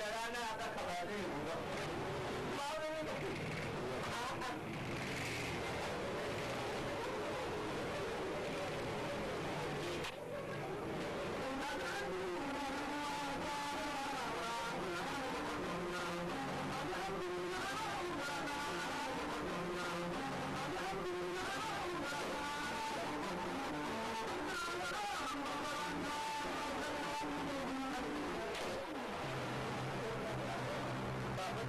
डरा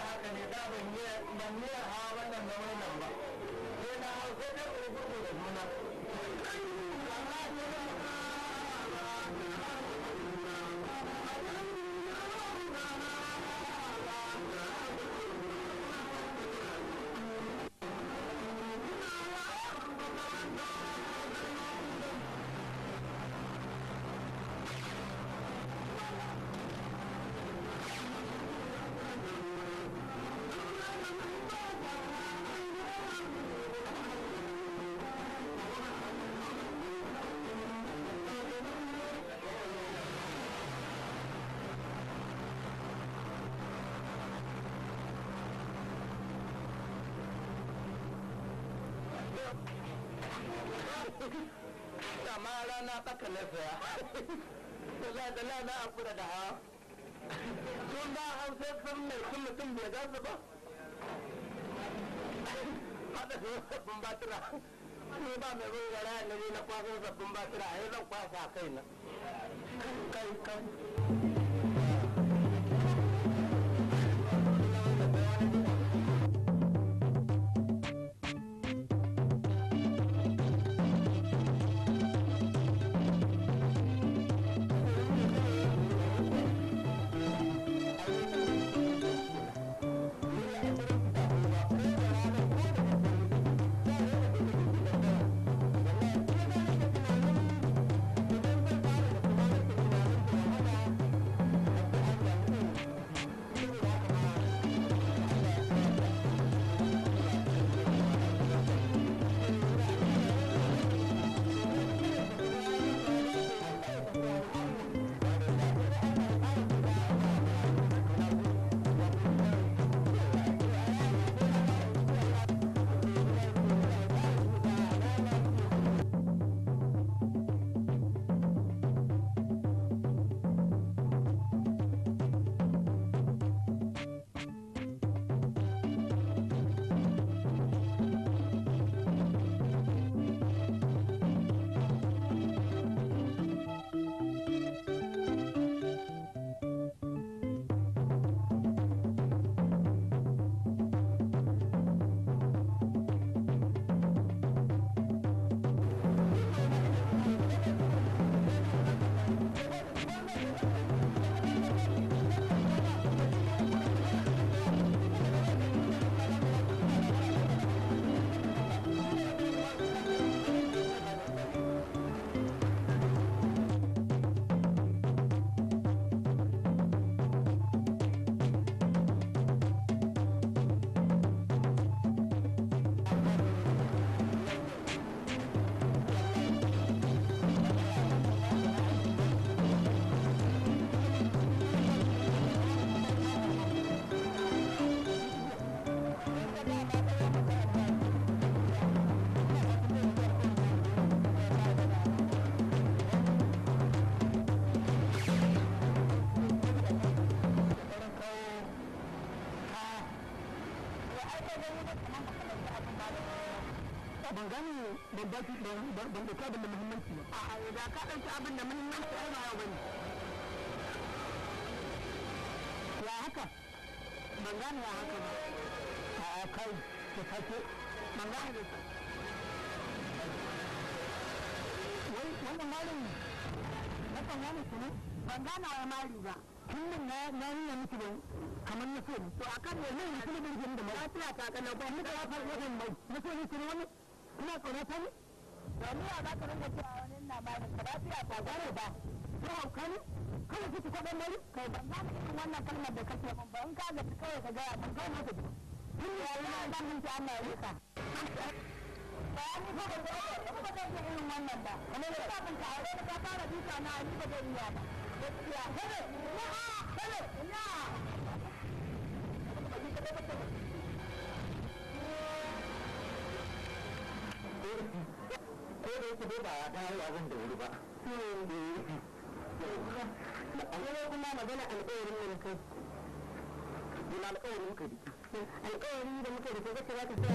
da aka ne da ban yi ban ha wannan da nan ba sai na hau sai na kurkuku da juna dama rana tsaka na saya da lana a kura da hawa sun ba hausa sun mai kun mutum bai za ba haɗa sabbin batira ni ba mai ruwa rana ne na kwasan sabbin batira a yi zan kwasa kai na kai kai ban gane ban ba ki ban ban dauka abin da muhimmanci ba a'a ya ga ka dauki abin da muhimmanci ai ba bane ya haka ban gane ya haka ba a'a kai ka sake ban gane da wai wannan malin na kan gane ku ne ban gane wa mali ba kullum na yi na nuna miki ban kamar na so to akan ne ne da birgin da mai lafiya ta kana ba ni da ya farko da mai na so ne kuma wani ta ne da ni a ba ka rinka cewa wani na ba ka ta gare ba ko hauka ne kana ji mai kai ban ba mu irin wannan kalmar da kake mun ba in ka ga kawai ka ga mun mun Allah ya rika ba ni ba ba wannan ba kuma ne ka na ni ba ba ko ba da ba kuma kuma alƙawarin da muka da kai kake za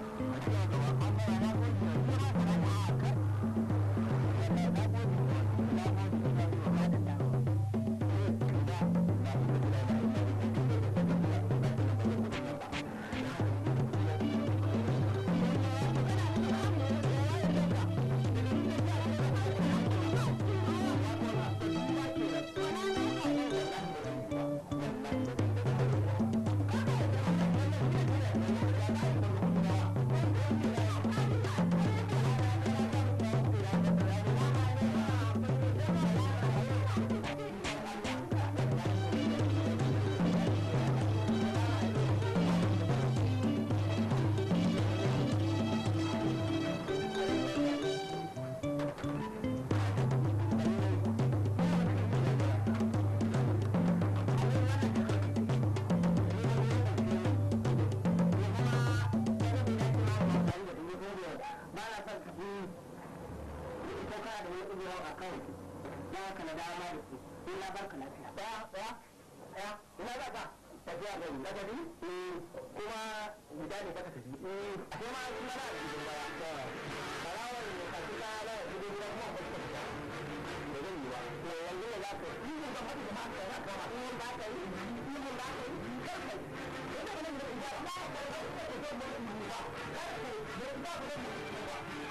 wani uzura ba kawai da haka na dama da su ni na barka lafiya ɗaya ɗaya ɗaya ina za ka tafiya gari na gari kuma guda ne ka tafi kuma in mana a cikin baya barawar da ka fi kaya da su gudu kuma ba su tafiya ne ne yi ba to yanzu ne za ka yi yin ban hadu kuma ka za ka ba yin ba ka yi yin ba ka yi kar ka yi yadda ka nan da ba ka ba ka ba ka ba ka ba ka ba ka ba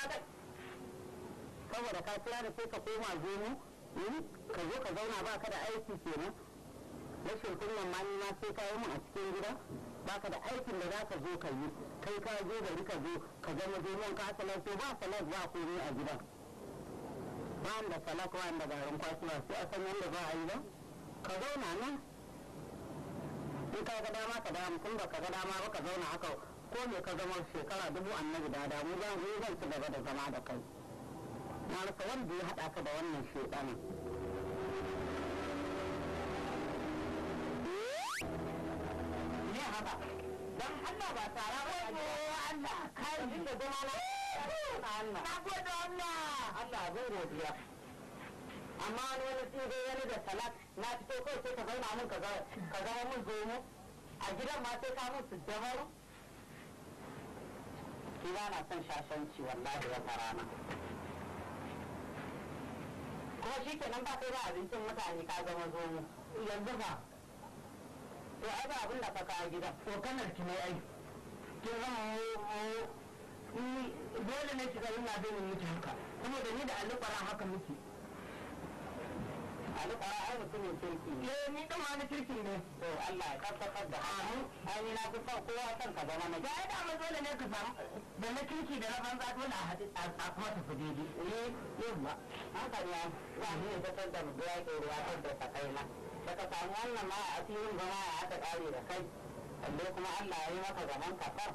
saboda ka kira da sai ka koma zomo ka zo ka zauna ba ka da aiki kenan na kunnan nan mani ma sai ka yi mun a cikin gida ba ka da aikin da za ka zo ka yi kai ka zo gari ka zo ka zama zomon ka salar ba salar ba komai a gida ba da salak wa da garin kwasuwa sai a san yadda za a yi ba ka zauna nan in ka ga dama ka damu kun ba ka ga dama ba ka zauna haka ko me ka zama shekara dubu annabi da damu zan zo zan ci gaba da zama da kai na rasa wanda ya haɗa ka da wannan shekana ne haka dan Allah ba tara ba ko Allah kai da zama na Allah na gode Allah Allah zan godiya amma wani wani tsibe wani da salat na fito kai, sai ka zauna mun ka zama mun zomo a gidan ma sai ka mun su dabaru shi ba na son shashanci wallahi wata rana kuma shi kenan ba sai ba abincin mutane ka zama zomo yanzu ba to ai ba abin da ka kawo gidan to kanar ki ne ai ki zama ni dole ne shiga ina dole mutu haka kuma da ni da alƙaran haka miki alƙara ai mutumin kirki ne eh ni dan wani kirki ne to Allah ya tabbatar da amin ai ni na fi son kowa son ka zama na ga da mu dole ne ka samu da na kirki da na banza dole a haɗu a kuma tafi daidai eh yin ba haka ne ba ni da kan da biya ke ruwa kan da sakai na daga samu wannan ma a asirin gama ya aka kare da kai kalle kuma Allah ya yi maka zaman kafar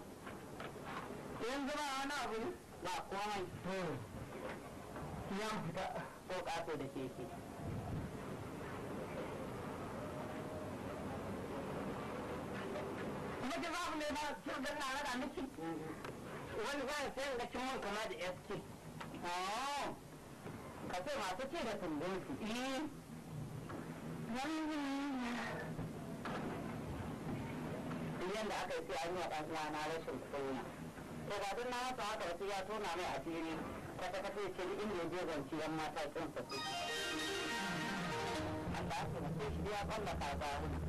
In ba wani abu ne ba komai yan fita ko ƙato da keke Kuma ji za mu ba su da tare da miki. wani wani sai ga cin mun kama da SK. Oh. Ka ce masu ce da tumbin su. da aka yi sai an yi wa ɗan na rashin kunya. To ba duk na masa haka wasu ya tona mai asiri kwata-kwata ya ce duk inda ya je zanci yan mata sa su. Allah ya taimake shi ya kwallaka ta hudu.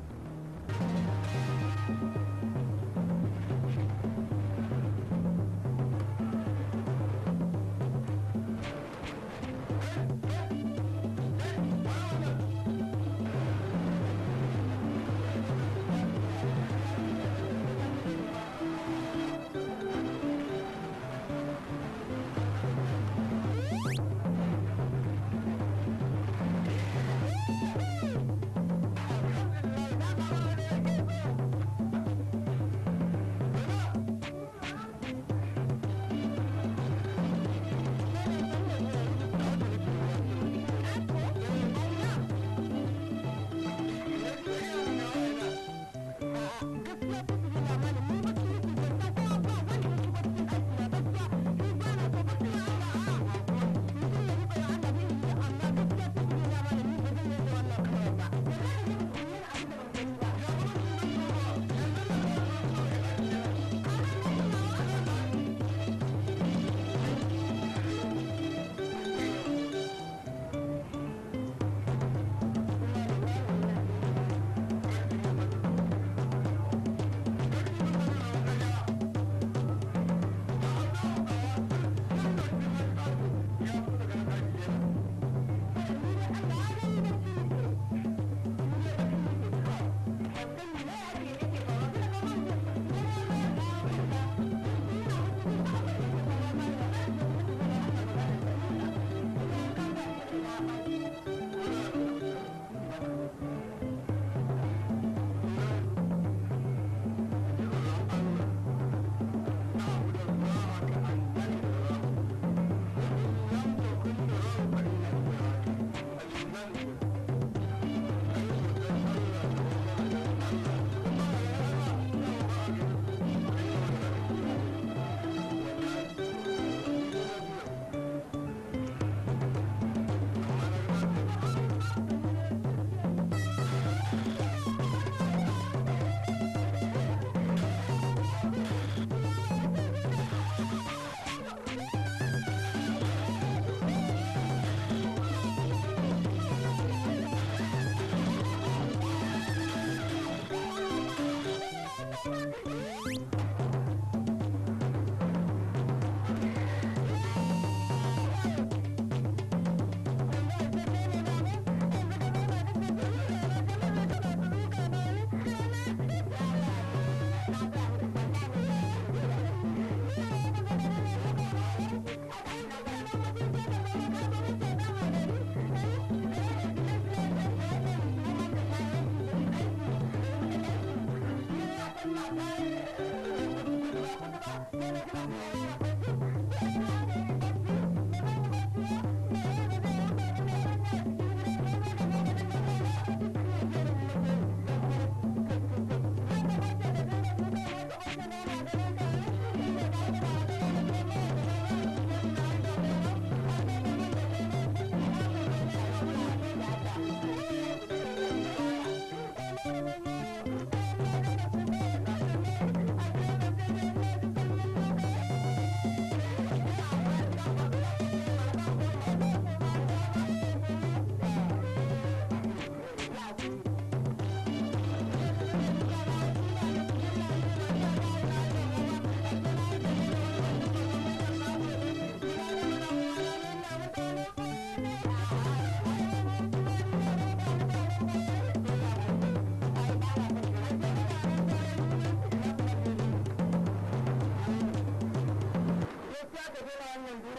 ¡Vamos!